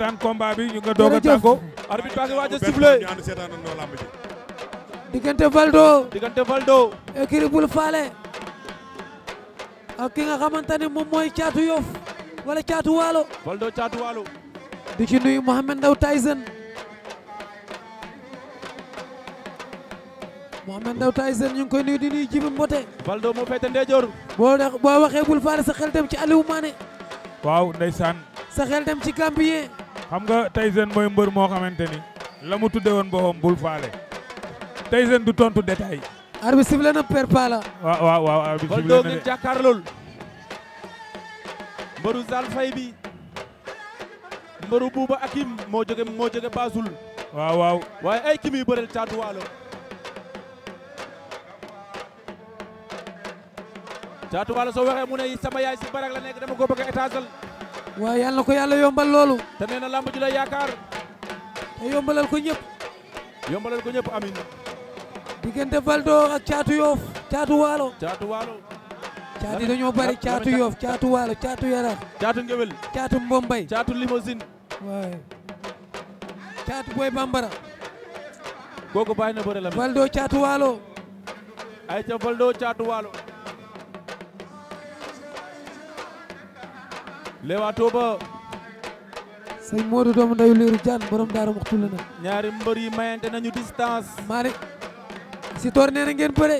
daan combat bi ñu nga a a sifflé diggante Valdo diggante Valdo écurie ak ki nga xamante ne moom mooy caatu Yoff wala caatu Waalo Valdo caatu di ci nuyu Mohamed Ndaw Tyson Mohamed Ndaw Tyson ñu ngi koy nuyu di nuyu Jibi Mbote Valdo moo féete ndeyjoor boo boo waxee Boul Falé sa xel dem ci Aliou Mané waaw ndeysaan sa xel dem ci Gambien xam nga Tyson mooy mbër moo xamante ni la mu tudde woon boppam bul faale Tyson du tontu détail arbitre sifflé na per pala waaw waa waaw arbitre sifflé na de ngeen mbëru Zal Faye bi mbëru Bouba Akim moo jóge moo jóge Basul waaw waaw waaye ay ki muy bëreel Caatu soo waxee mu ne sama yaay si barak la nekk dama ko bëgg a étasal waaw yàlla na ko yàlla yombal loolu te nee na làmb la yaakaar te yombalal ko ñëpp yombalal ko ñëpp amin diggante Valdo ak caatu yoof caatu waalo caatu waalo dañoo bari caatu yoof caatu waalo caatu yarax caatu ngewel caatu mbombay caatu limousine waaw caatu boy bambara kooku bàyyi caatu waalo ay ca Valdo caatu waalo lewaatoo ba sëñ Modou doomu ndeyu liiru jaan borom daara waxtu la nag ñaari mbër yi mayante nañu distance maane si toor nee na ngeen bëre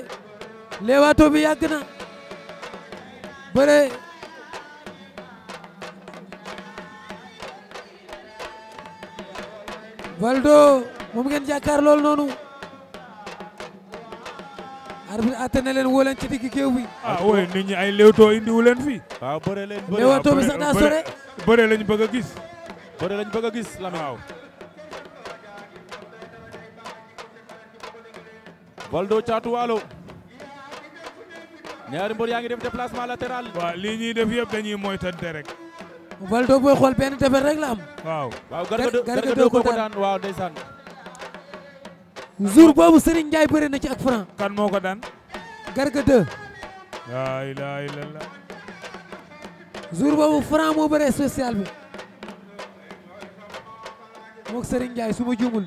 lewaatoo bi yàgg na bëre Valdo moom ngeen jàkkaar lool noonu arbitre atte na leen woo ci digg géew bi ah oui ñi ay léewtoo indiwu leen waaw bëre leen bëre léewtoo bi ah, sax daa sore bëre lañ bëgg a gis bëre lañ bëgg a gis Lamine waaw Valdo Thiatou Walo ñaari mbër yaa ngi def déplacement latéral waaw def yëpp dañuy moytante rek Valdo booy xool benn defet rek la am waaw garga doo ko daan waaw ndeysaan jour boobu Serigne njaay bëri na ci ak franc. kan moo ko daan. garga 2. laa ilaaha illallah. jour boobu franc moo bëree spécial bi. moog Serigne Ndiaye su ma juumul.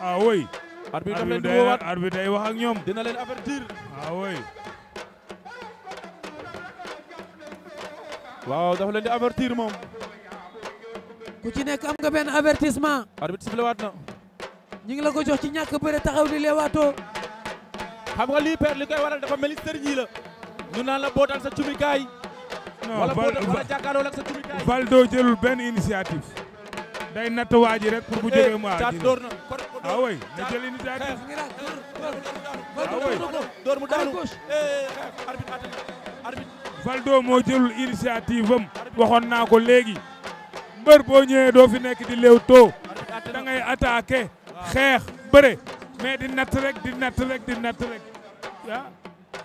ah oui. arbitre daf leen di woowaat wax ak ñoom. dina leen avertir. ah oui. waaw daf leen di avertir moom. ku ci nekk am nga benn avertissement. arbitre sifflé waat na. ñu ngi la ko jox ci ñàkk bëre taxaw di leewaatoo xam nga lii père li koy waral dafa mel ni sëriñ yi la ñu naan la bootal sa cumi kaay wala jëlul benn initiative day natt waa rek pour bu jógee mu eh, aji door na ah oui na jël initiative door waxoon naa ko léegi mbër boo ñëwee doo fi nekk di léew too da ngay xeex bëre mais di natt rek di natt rek di natt rek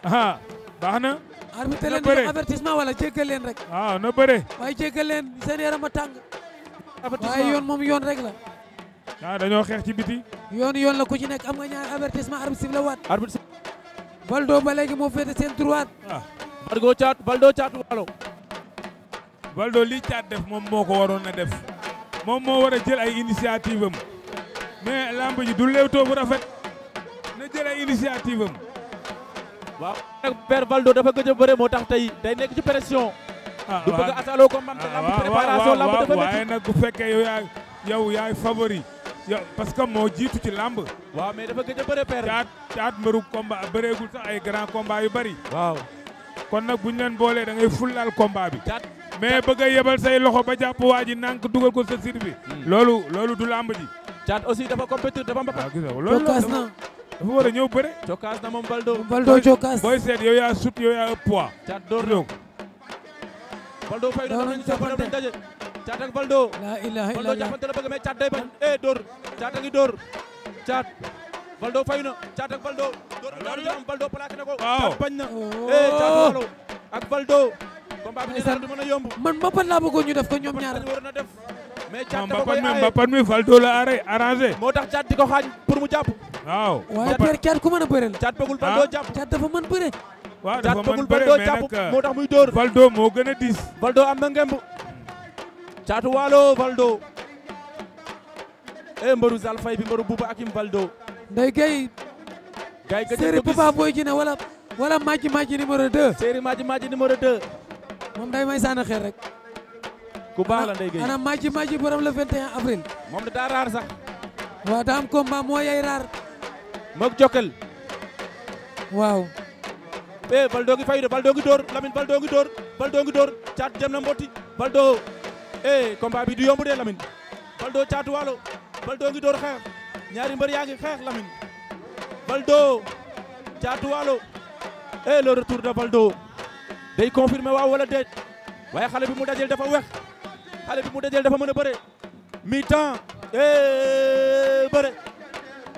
ah baax na. arbitre leen di wala jéggal leen rek. waaw na bëre. waaye jéggal leen seen yaram a tàng. waaye yoon moom yoon rek la. ah dañoo xeex ci biti. yoon yoon la ku ci nekk am nga ñaar avertissement arbitre bi la waat. arbitre. Baldo ba léegi moo féete seen droite. ah. Bargo caat Baldo caat Waalo. Baldo lii caat def moom moo ko waroon na def. moom moo war jël ay initiative am. mais lamb ji du Leewtoo bu rafet na jëlee initiative am waaw nag Père dafa gëj bëre moo tax tey day nekk ci pression ah, du bëgg asaloo ko man te ah, dafa waaye bu fekkee yow yaay yow yaay favori que moo jiitu ci lamb waaw mais dafa gëj a bëre Père caat caat mbëru combat bëreegul sax ay grand combat yu bari waaw kon nag buñ leen boolee dangay ngay fullaal combat bi mais bëgg a yebal say loxo ba jàpp waa ji nànk dugal ko sa bi hmm. loolu loolu du lamb ji Thiat aussi dafa compétir dafa mbapat. Ah, cokkaas na dafa war a ñëw bëre. cokkaas na moom Baldo. Baldo cokkaas. booy seet yow yaa sut yow yaa ëpp poids. door na Baldo fay doon nañu soppala ak Baldo. la eh, door a ak Baldo. door na ko. Thiat bañ na. Oh. eh Thiat Baldo ak Baldo. combat bi dina mën a yomb. man mbapat laa bëggoon ñu def ko ñoom ñaar. mais caat da ko mbapat mi moo tax caat di mu jàpp. waaw waaye Pierre caat ku mën a bëreel. caat bëggul falto ah. jàpp caat dafa mën bëre. waaw dafa mën bëre mais nag moo tax muy dóor. falto moo gën a diis. falto am na ngemb. caatu waalo falto. eh mbaru Zal Faye bi mbaru Bouba Akim falto. nday gay. gay gëj séeri Bouba Boy Djiné wala wala Madji Madji numéro 2. moom day may sànni xeer rek. ku baax la Ndeye Gueye ana Madji Madji borom le 21 avril. moom daa raar sax. waaw daa am combat yay raar. moog Jokal. waaw. eh Baldo ngi fayu de Baldo ngi door Lamine Baldo ngi door Baldo ngi door caatu dem na mbotti Baldo. eh combat bi du yomb de Lamine. Baldo caatu waalo Baldo ngi door xeex ñaari mbër yaa ngi xeex Lamine. Baldo caatu waalo. eh le retour de Baldo. day confirmer waaw wala déet waaye xale bi mu dajel dafa wex xale bi mu dajeel dafa mën a bëre mi temps eh, bëre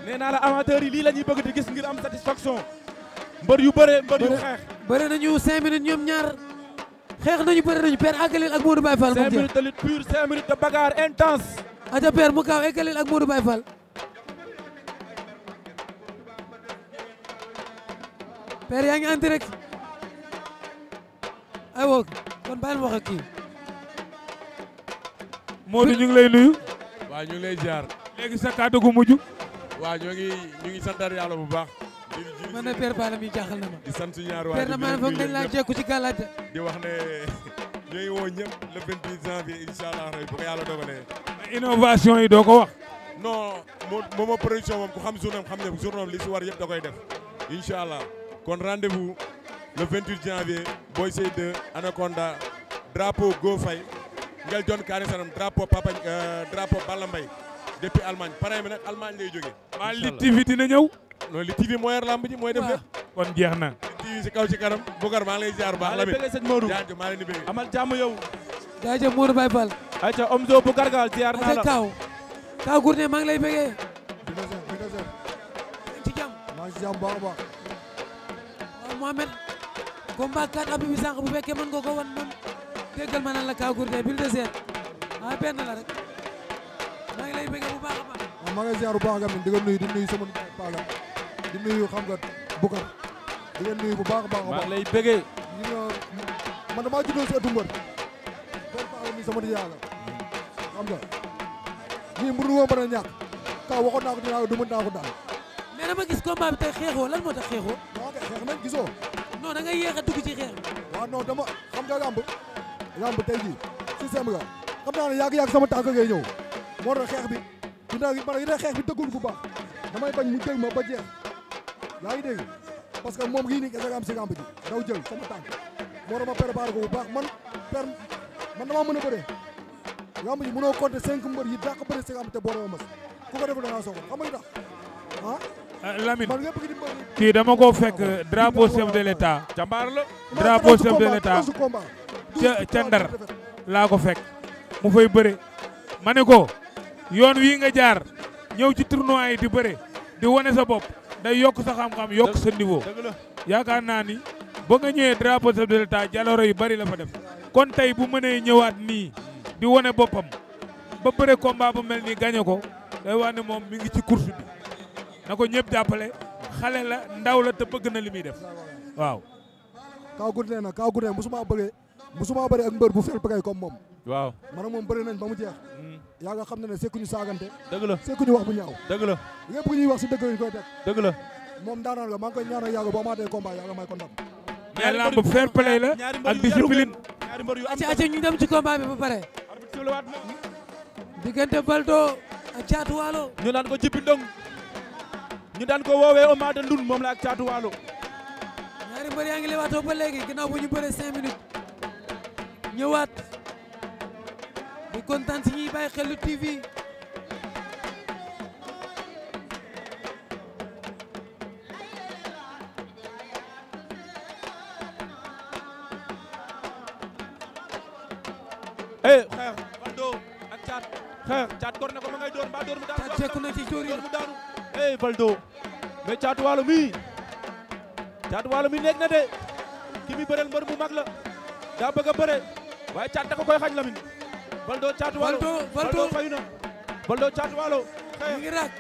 nee naa la amateurs yi lii lañuy ñuy bëgg di gis ngir am satisfaction mbër yu bëre mbër yu xeex bëre nañu cinq minutes ñoom ñaar xeex nañu bëre nañu père àggaleel ak Modou Baye Fall cinq minutes de lutte pure cinq minutes de bagarre intense aja père mu kaaw àggaleel ak Modou Baye Fall yaa ngi en direct ay wo kon bàyyil ma wax ak kii Modou ñu ngi lay nuyu. waa ñu ngi lay ziar. léegi sa kàddu gu mujj. waaw ñoo ngi ñu ngi bu baax. man na Père mi jaaxal na ma. sant ñaar waa Père Balla ci gàllaaj di wax ne ñu ngi woo le 28 janvier incha allah rabi bu ko yàlla innovation yi doo ko wax. non moom moom production moom ku xam journée am xam ne journée li si war yëpp da koy def incha allah kon rendez vous le 28 janvier Boy Sey 2 Anaconda drapeau Go Faye ngel jon kaani sanam drapeau papa euh, drapeau Balla Mbaye depuis Allemagne parrain bi nag Allemagne lay jógee maa li TV dina ñëw non li TV moo yar mooy def lépp kon jeex na li TV si kaw si kanam Boucar maa ngi lay ziar baax la bëgg sëñ Modou jaajëf maa leen di bëgg amal jàmm yow jaajëf Modou Baye Fall ayca Omzo bu gargal ziar naa la taw taw Gourné maa lay bëggee ci jàmm maa ngi ci jàmm baax a baax waaw Mohamed combat bu fekkee mën nga ko wan moom déggal ma nan la Kakour tey Bulldozer seet ah benn la rek maa ngi lay bëgg bu baax a baax. waaw ah, maa ngi lay ziar bu baax nga di nga nuyu di nuyu sama Pala di nuyu xam nga Bukar di nga nuyu bu baax a baax. maa ngi lay bëggee. ñu man damaa juddoo si ëttu mbër. loolu Pala mi sama nijaay la xam nga ñii mënu woon mën a ñàkk kaw waxoon naa ko dinaa du mën naa ko daal. mais dama gis combat bi tey xeexoo lan moo tax xeexoo. waaw kay xeex nañ gisoo. non da nga yéex a dugg ci xeex. waaw non dama xam nga làmb lamb tey jii système nga xam naa ne yàgg-yàgg sama tànk ngay ñëw moo tax xeex bi yu ndax yu ndax xeex bi dëggul bu baax damay bañ mu jël ma ba jeex yaa ngi dégg parce que moom yii nii kese nga am si lamb ji daw jël sama tànk moo tax ma préparé ko bu baax man per man damaa mën a bëre lamb ji mënoo compter cinq mbër yi dàq bëre si lamb te boorema mas ku ko def da ngaa soxla xam nga tax ah, ah Lamine kii dama ko fekk ah, drapeau chef de l'état. jàmbaar la drapeau chef de l'état. ca ca ndar laa ko fekk mu fay bëre ma ne ko yoon wi nga jaar ñëw ci tournoi yi di bëre di wane sa bopp day yokk sa xam-xam yokk sa niveau yaakaar naa ni ba nga ñëwee drapeau chef de l'État jalooro yu bari la fa def kon tey bu mënee ñëwaat nii di wane boppam ba bëre combat bu mel ni gañe ko day wax ne moom mi ngi ci course bi na ko ñëpp jàppale xale la ndaw la te bëgg li muy def waaw. bu subaa bëri ak mbër bu fel kay comme moom waaw man ak moom bëri nañ ba mu jeex yaa nga xam ne ne sekkuñu saagante dëgg la sekkuñu wax bu ñaaw dëgg la lépp ñuy wax si dëgg lañ koy teg dëgg la moom daanaan la maa ngi koy ñaanal yàgg boo amaatee combat yàlla may ko ndam mais lamb fair play la ak discipline ñaari mbër yu am ci acca ñu dem ci combat bi ba pare diggante Baldo ak Caatu Waalo ñu daan ko jippi ndong ñu daan ko woowee Omar de moom la ak Caatu Waalo ñaari mbër yaa ngi lewaatoo ba léegi ginnaaw bu ñu bëree cinq ñëwaat bu kontaan si ñuy bàyyi xel Lutte TV eh xeex ak Thiat xeex Thiat kor na ko ma ngay door ba door mu daanu Thiat jekku na ci jóor yi mu daanu eh Valdo mais mi Thiat Walo mi nekk na de ki mi bëreel mbër bu mag la daa bëgg a bëre waaye caat da koy xañ Lamine Valdo caatu waalo Valdo fayu na Valdo caatu waalo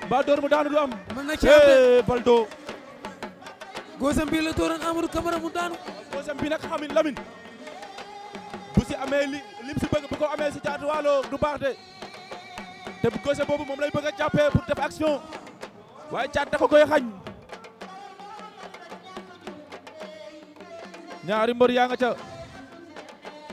mbaa door mu daanu du am mën Valdo góosam bi la dooroon Amadou Camara mu daanu góosam bi nag xamin Lamine bu si amee li lim si bëgg bu ko amee du baax de te góosam boobu moom lay bëgg a jàppee def action waaye caat koy xañ ñaari mbër yaa nga ca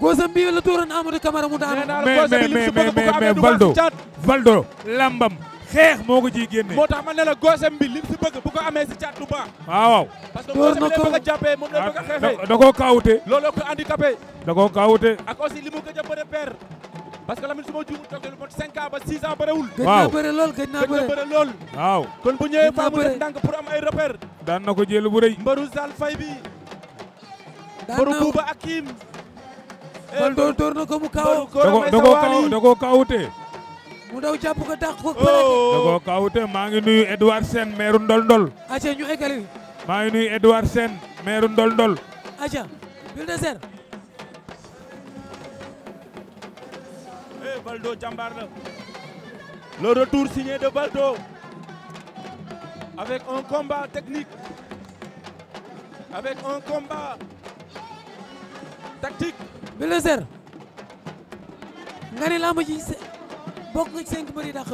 góosam bii la tuuroon Amadou Camara mu daan. mais mais mais mais mais Valdo Valdo lambam xeex moo ko ciy génne. moo tax ma ne la góosam bi lim si bëgg bu ko amee si caat du baax. Ah, waaw parce que góosam a a xeexee. da koo kaawute. looloo ko handicapé. da kaawute. ak aussi li gëj a bëre père. parce que Lamine su ma mot 5 ba 6 ans gëj naa bëre lool waaw kon bu ñëwee faamu def ndànk pour am ay repère. daan na ko jël bu rëy. mbaru Zal Fay bi. daan naa mbaru Eh, bal door door na ko mu kaaw dogo kaawute mu daw jàpp ko dàq oh. kaawute maa ngi nuyu Edouard Sène maire Ndondol aca ñu eggali maa ngi nuyu Edouard Sène maire Ndondol aca Bulldozer eh, Baldo jàmbaar la le retour signé de Baldo avec un combat technique avec un combat tactique Bulldozer nga ne làmb ji bokk nga ci cinq mbër yi dàq